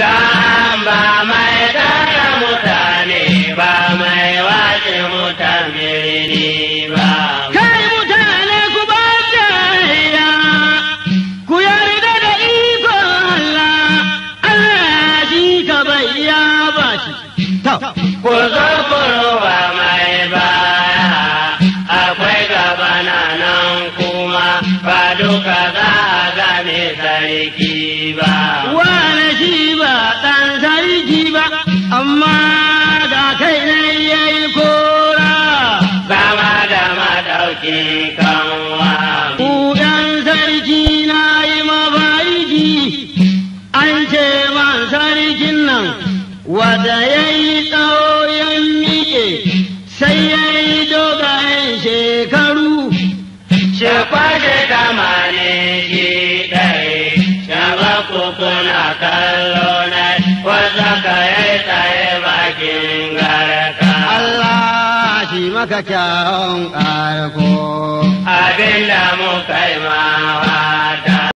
Ka ba mai tara mutane ba mai wace mutan birni Kai mutane ku ba jayya, ku yarda da iko Allah, Allah shi ka bayya mai baya, akwai gabana nan kuma ba duka sarki ba. Wane shi ba ɗan sarki ba, amma da kai na ya yi kora. Ba ma da maɗaukin kanwa. Ku ɗan sarki na yi mafarki, an ce man sarkin nan, wada ya yi tsawon miƙe, sai ya yi dogayen shekaru. Shekwa shekama ne. kuna kallo na wanda ka yi tsaye Allah shi maka kyawun ƙarko. Abin da muka